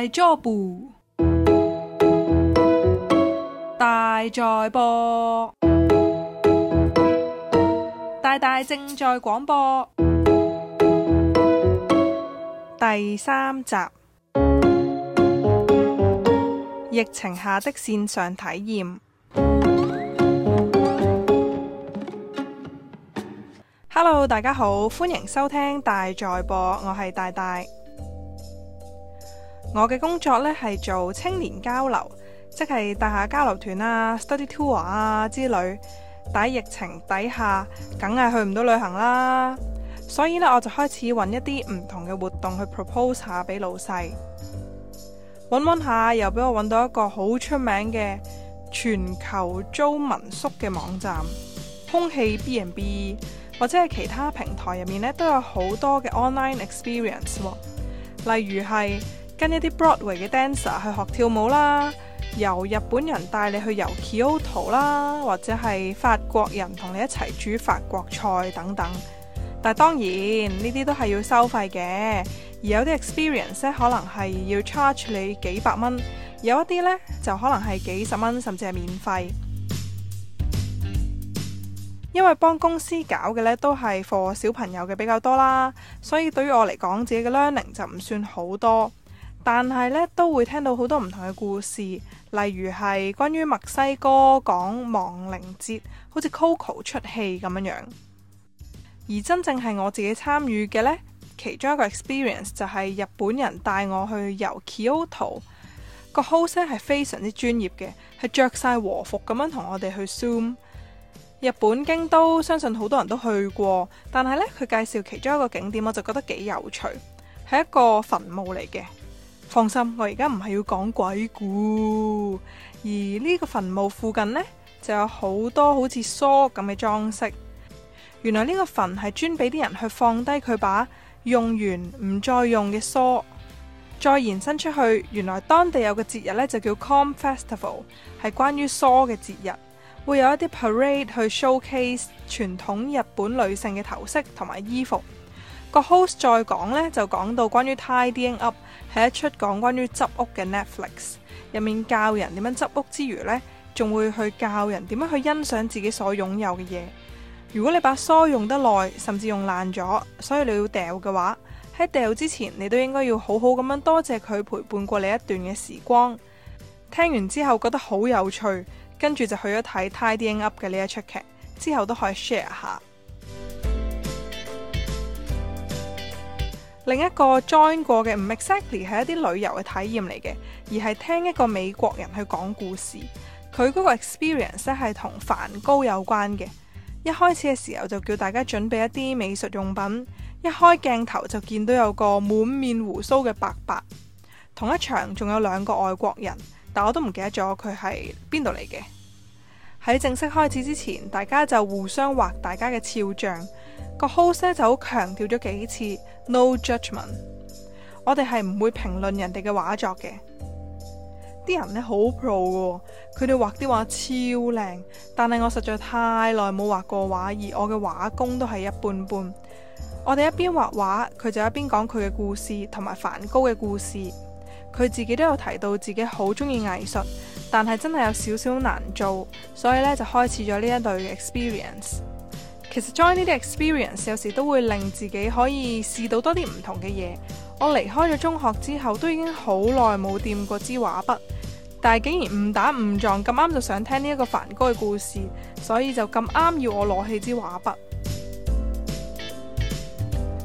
大 job，大在播，大大正在廣播第三集，疫情下的線上體驗。Hello，大家好，歡迎收聽大在播，我係大大。我嘅工作咧係做青年交流，即係帶下交流團啊、study tour 啊之類。但係疫情底下，梗係去唔到旅行啦，所以呢，我就開始揾一啲唔同嘅活動去 propose 下俾老細揾揾下，又俾我揾到一個好出名嘅全球租民宿嘅網站，空氣 B and B 或者係其他平台入面咧都有好多嘅 online experience，哦，例如係。跟一啲 Broadway 嘅 dancer 去學跳舞啦，由日本人帶你去遊 Kyoto 啦，或者係法國人同你一齊煮法國菜等等。但當然呢啲都係要收費嘅，而有啲 experience 咧可能係要 charge 你幾百蚊，有一啲咧就可能係幾十蚊，甚至係免費。因為幫公司搞嘅咧都係 for 小朋友嘅比較多啦，所以對於我嚟講，自己嘅 learning 就唔算好多。但係咧，都會聽到好多唔同嘅故事，例如係關於墨西哥講亡靈節，好似 Coco 出戲咁樣樣。而真正係我自己參與嘅呢，其中一個 experience 就係日本人帶我去遊 Kyoto。個 host 係非常之專業嘅，係着晒和服咁樣同我哋去 Zoom 日本京都。相信好多人都去過，但係呢，佢介紹其中一個景點，我就覺得幾有趣，係一個墳墓嚟嘅。放心，我而家唔係要講鬼故，而呢個墳墓附近呢，就有好多好似梳咁嘅裝飾。原來呢個墳係專俾啲人去放低佢把用完唔再用嘅梳，再延伸出去。原來當地有個節日呢，就叫 Comb Festival，係關於梳嘅節日，會有一啲 parade 去 showcase 傳統日本女性嘅頭飾同埋衣服。個 host 再講呢，就講到關於 Tidying Up 係一出講關於執屋嘅 Netflix，入面教人點樣執屋之餘呢，仲會去教人點樣去欣賞自己所擁有嘅嘢。如果你把梳用得耐，甚至用爛咗，所以你要掉嘅話，喺掉之前你都應該要好好咁樣多謝佢陪伴過你一段嘅時光。聽完之後覺得好有趣，跟住就去咗睇 Tidying Up 嘅呢一出劇，之後都可以 share 下。另一個 join 過嘅唔 exactly 係一啲旅遊嘅體驗嚟嘅，而係聽一個美國人去講故事。佢嗰個 experience 咧係同梵高有關嘅。一開始嘅時候就叫大家準備一啲美術用品，一開鏡頭就見到有個滿面鬍鬚嘅伯伯。同一場仲有兩個外國人，但我都唔記得咗佢係邊度嚟嘅。喺正式開始之前，大家就互相畫大家嘅肖像。個 host 就好強調咗幾次 no judgment 我哋係唔會評論人哋嘅畫作嘅。啲人呢好 pro 嘅，佢哋畫啲畫超靚，但係我實在太耐冇畫過畫，而我嘅畫工都係一般般。我哋一邊畫畫，佢就一邊講佢嘅故事同埋梵高嘅故事。佢自己都有提到自己好中意藝術，但係真係有少少難做，所以呢，就開始咗呢一類嘅 experience。其實 join 呢啲 experience 有時都會令自己可以試到多啲唔同嘅嘢。我離開咗中學之後都已經好耐冇掂過支畫筆，但係竟然誤打誤撞咁啱就想聽呢一個梵高嘅故事，所以就咁啱要我攞起支畫筆。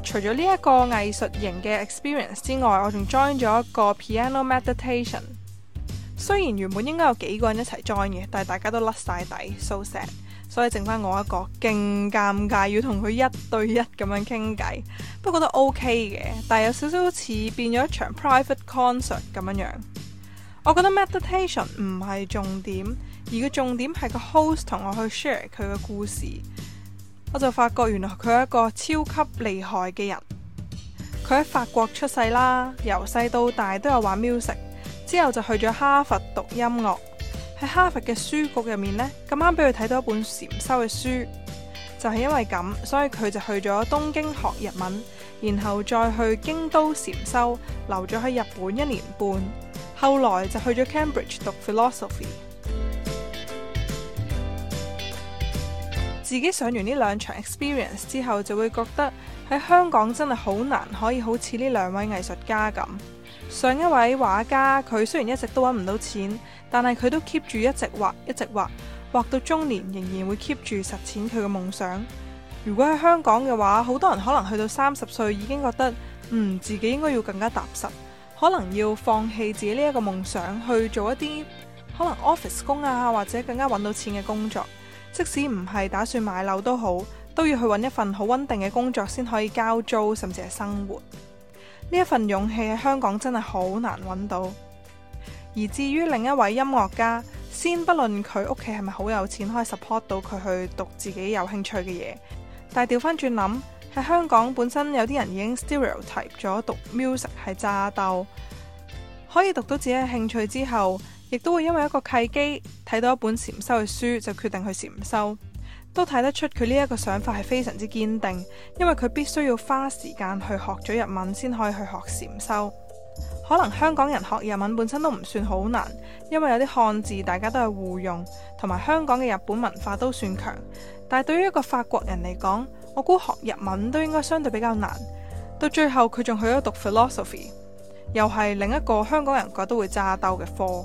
除咗呢一個藝術型嘅 experience 之外，我仲 join 咗一個 piano meditation。雖然原本應該有幾個人一齊 join 嘅，但係大家都甩晒底，so sad。所以剩翻我一個，勁尷尬要同佢一對一咁樣傾偈，不過覺得 OK 嘅，但係有少少似變咗一場 private concert 咁樣。我覺得 meditation 唔係重點，而個重點係個 host 同我去 share 佢嘅故事。我就發覺原來佢係一個超級厲害嘅人。佢喺法國出世啦，由細到大都有玩 music，之後就去咗哈佛讀音樂。喺哈佛嘅書局入面呢，咁啱俾佢睇到一本禪修嘅書，就係因為咁，所以佢就去咗東京學日文，然後再去京都禪修，留咗喺日本一年半，後來就去咗 Cambridge 讀 philosophy。 自己上完呢兩場 experience 之後，就會覺得喺香港真係好難可以好似呢兩位藝術家咁。上一位畫家，佢雖然一直都揾唔到錢。但係佢都 keep 住一直畫，一直畫，畫到中年仍然會 keep 住實踐佢嘅夢想。如果喺香港嘅話，好多人可能去到三十歲已經覺得，嗯，自己應該要更加踏實，可能要放棄自己呢一個夢想，去做一啲可能 office 工啊，或者更加揾到錢嘅工作。即使唔係打算買樓都好，都要去揾一份好穩定嘅工作先可以交租，甚至係生活。呢一份勇氣喺香港真係好難揾到。而至於另一位音樂家，先不論佢屋企係咪好有錢可以 support 到佢去讀自己有興趣嘅嘢，但係調翻轉諗喺香港本身有啲人已經 stereotype 咗讀 music 係渣鬥，可以讀到自己嘅興趣之後，亦都會因為一個契機睇到一本禪修嘅書，就決定去禪修，都睇得出佢呢一個想法係非常之堅定，因為佢必須要花時間去學咗日文先可以去學禪修。可能香港人學日文本身都唔算好難，因為有啲漢字大家都係互用，同埋香港嘅日本文化都算強。但係對於一個法國人嚟講，我估學日文都應該相對比較難。到最後佢仲去咗讀 philosophy，又係另一個香港人覺得會揸兜嘅科。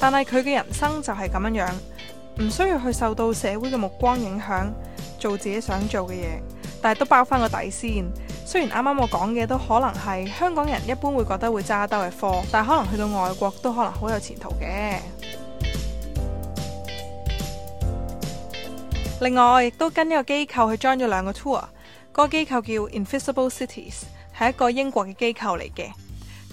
但係佢嘅人生就係咁樣樣，唔需要去受到社會嘅目光影響，做自己想做嘅嘢，但係都包翻個底先。雖然啱啱我講嘅都可能係香港人一般會覺得會揸兜嘅貨，但係可能去到外國都可能好有前途嘅。 另外，我亦都跟一個機構去 join 咗兩個 tour。個機構叫 Invisible Cities，係一個英國嘅機構嚟嘅。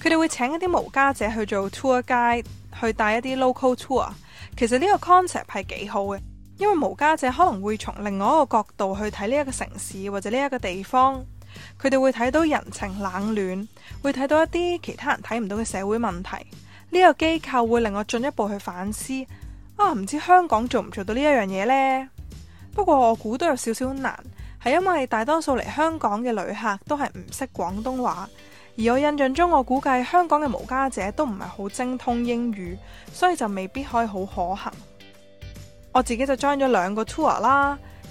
佢哋會請一啲無家者去做 tour guide，去帶一啲 local tour。其實呢個 concept 係幾好嘅，因為無家者可能會從另外一個角度去睇呢一個城市或者呢一個地方。佢哋會睇到人情冷暖，會睇到一啲其他人睇唔到嘅社會問題。呢個機構會令我進一步去反思。啊，唔知香港做唔做到呢一樣嘢呢？不過我估都有少少難，係因為大多數嚟香港嘅旅客都係唔識廣東話，而我印象中，我估計香港嘅無家者都唔係好精通英語，所以就未必可以好可行。我自己就 join 咗兩個 tour 啦。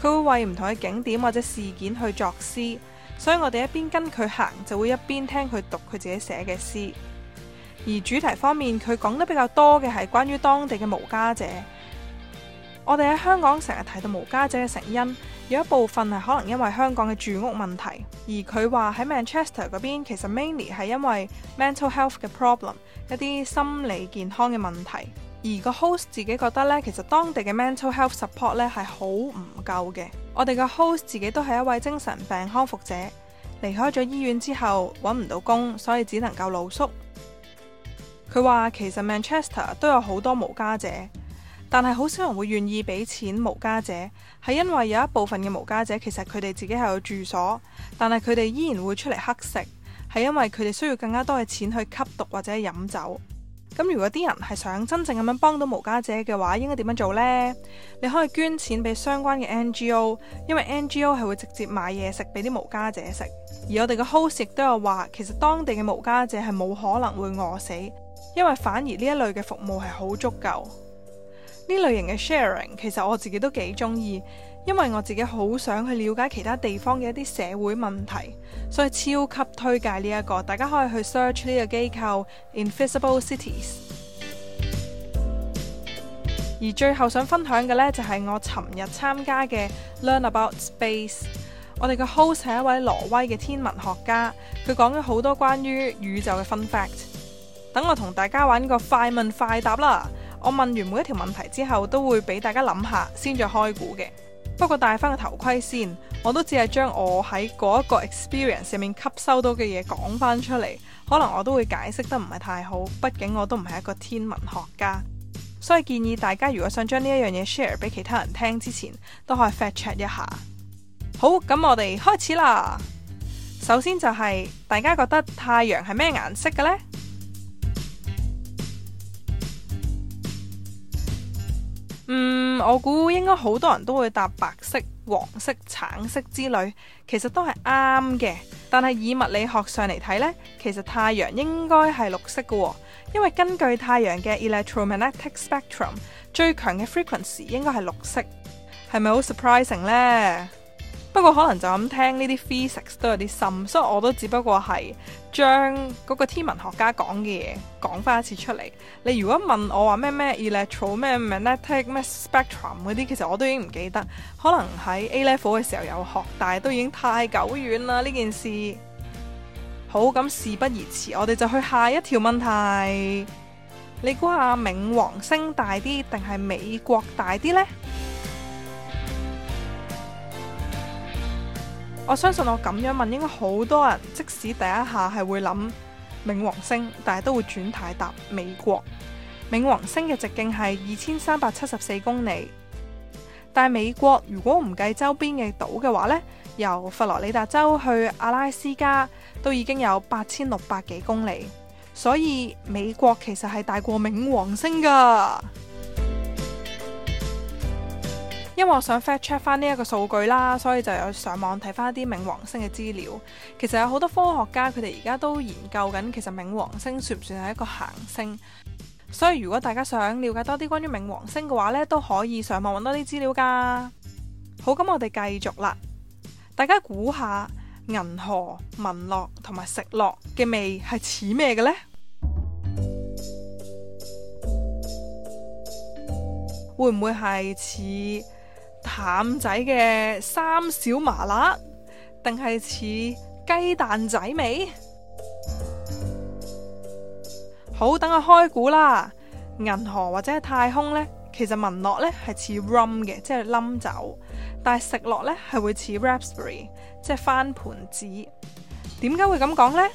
佢會為唔同嘅景點或者事件去作詩，所以我哋一邊跟佢行，就會一邊聽佢讀佢自己寫嘅詩。而主題方面，佢講得比較多嘅係關於當地嘅無家者。我哋喺香港成日提到無家者嘅成因，有一部分係可能因為香港嘅住屋問題。而佢話喺 Manchester 嗰邊，其實 Mainly 係因為 mental health 嘅 problem，一啲心理健康嘅問題。而個 host 自己覺得呢，其實當地嘅 mental health support 呢係好唔夠嘅。我哋個 host 自己都係一位精神病康復者，離開咗醫院之後揾唔到工，所以只能夠露宿。佢話其實 Manchester 都有好多無家者，但係好少人會願意俾錢無家者，係因為有一部分嘅無家者其實佢哋自己係有住所，但係佢哋依然會出嚟乞食，係因為佢哋需要更加多嘅錢去吸毒或者飲酒。咁如果啲人係想真正咁樣幫到無家者嘅話，應該點樣做呢？你可以捐錢俾相關嘅 NGO，因為 NGO 係會直接買嘢食俾啲無家者食。而我哋嘅 host 亦都有話，其實當地嘅無家者係冇可能會餓死，因為反而呢一類嘅服務係好足夠。呢類型嘅 sharing 其實我自己都幾中意。因為我自己好想去了解其他地方嘅一啲社會問題，所以超級推介呢一個，大家可以去 search 呢個機構 Invisible Cities。而最後想分享嘅呢，就係我尋日參加嘅 Learn About Space。我哋嘅 host 係一位挪威嘅天文學家，佢講咗好多關於宇宙嘅 fun fact。等我同大家玩個快問快答啦，我問完每一條問題之後，都會俾大家諗下先再開估嘅。不過戴翻個頭盔先，我都只係將我喺嗰一個 experience 上面吸收到嘅嘢講翻出嚟，可能我都會解釋得唔係太好，畢竟我都唔係一個天文學家，所以建議大家如果想將呢一樣嘢 share 俾其他人聽之前，都可以 fact check 一下。好，咁我哋開始啦，首先就係、是、大家覺得太陽係咩顏色嘅呢？嗯，我估應該好多人都會答白色、黃色、橙色之類，其實都係啱嘅。但係以物理學上嚟睇呢，其實太陽應該係綠色嘅，因為根據太陽嘅 electromagnetic spectrum，最強嘅 frequency 應該係綠色。係咪好 surprising 呢？不過可能就咁聽呢啲 physics 都有啲深，所以我都只不過係將嗰個天文學家講嘅嘢講翻一次出嚟。你如果問我話咩咩 electro 咩 magnetic 咩 spectrum 嗰啲，其實我都已經唔記得。可能喺 A level 嘅時候有學，但係都已經太久遠啦呢件事。好，咁事不宜遲，我哋就去下一條問題。你估下冥王星大啲定係美國大啲呢？我相信我咁樣問，應該好多人即使第一下係會諗冥王星，但係都會轉態答美國。冥王星嘅直徑係二千三百七十四公里，但係美國如果唔計周邊嘅島嘅話呢，由佛羅里達州去阿拉斯加都已經有八千六百幾公里，所以美國其實係大過冥王星噶。因為我想 fact check 翻呢一個數據啦，所以就有上網睇翻啲冥王星嘅資料。其實有好多科學家佢哋而家都研究緊，其實冥王星算唔算係一個行星？所以如果大家想了解多啲關於冥王星嘅話呢，都可以上網搵多啲資料噶。好，咁我哋繼續啦。大家估下銀河、聞落同埋食落嘅味係似咩嘅呢？會唔會係似？淡仔嘅三小麻辣，定係似雞蛋仔味？好，等我開估啦。銀河或者係太空呢，其實聞落呢係似 rum 嘅，即係冧酒，但係食落呢係會似 raspberry，即係翻盤子。點解會咁講呢？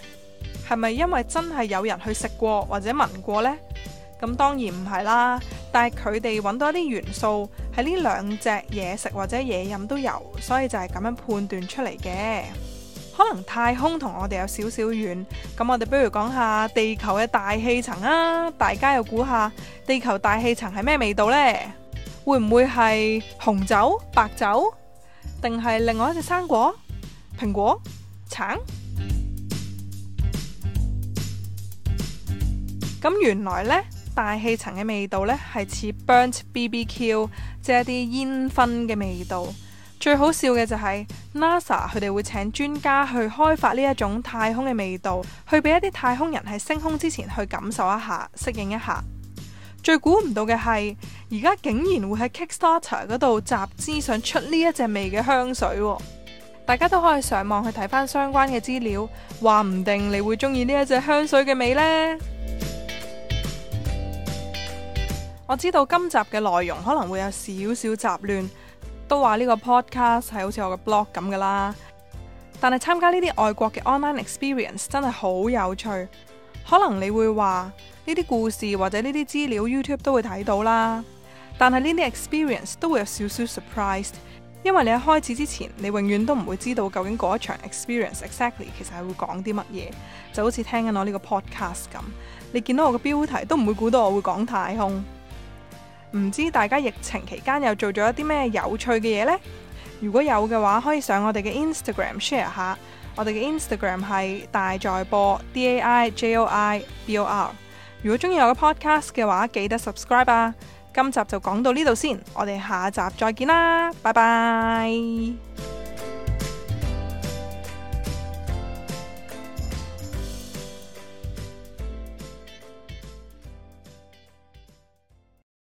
係咪因為真係有人去食過或者聞過呢？咁當然唔係啦，但係佢哋揾到一啲元素喺呢兩隻嘢食或者嘢飲都有，所以就係咁樣判斷出嚟嘅。可能太空同我哋有少少遠，咁我哋不如講下地球嘅大氣層啊！大家又估下地球大氣層係咩味道呢？會唔會係紅酒、白酒，定係另外一隻生果？蘋果、橙？咁原來呢。大氣層嘅味道呢，係似 burnt BBQ，即係一啲煙熏嘅味道。最好笑嘅就係、是、NASA 佢哋會請專家去開發呢一種太空嘅味道，去俾一啲太空人喺升空之前去感受一下、適應一下。最估唔到嘅係，而家竟然會喺 Kickstarter 嗰度集資，想出呢一隻味嘅香水。大家都可以上網去睇翻相關嘅資料，話唔定你會鍾意呢一隻香水嘅味呢。我知道今集嘅內容可能會有少少雜亂，都話呢個 podcast 係好似我嘅 blog 咁噶啦。但係參加呢啲外國嘅 online experience 真係好有趣。可能你會話呢啲故事或者呢啲資料 YouTube 都會睇到啦。但係呢啲 experience 都會有少少 surprised，因為你喺開始之前，你永遠都唔會知道究竟嗰一場 experience exactly 其實係會講啲乜嘢？就好似聽緊我呢個 podcast 咁，你見到我嘅標題都唔會估到我會講太空。唔知大家疫情期間又做咗一啲咩有趣嘅嘢呢？如果有嘅話，可以上我哋嘅 Instagram share 下。我哋嘅 Instagram 係大在播 D A I J O I B O R。如果中意我嘅 podcast 嘅話，記得 subscribe 啊！今集就講到呢度先，我哋下集再見啦，拜拜。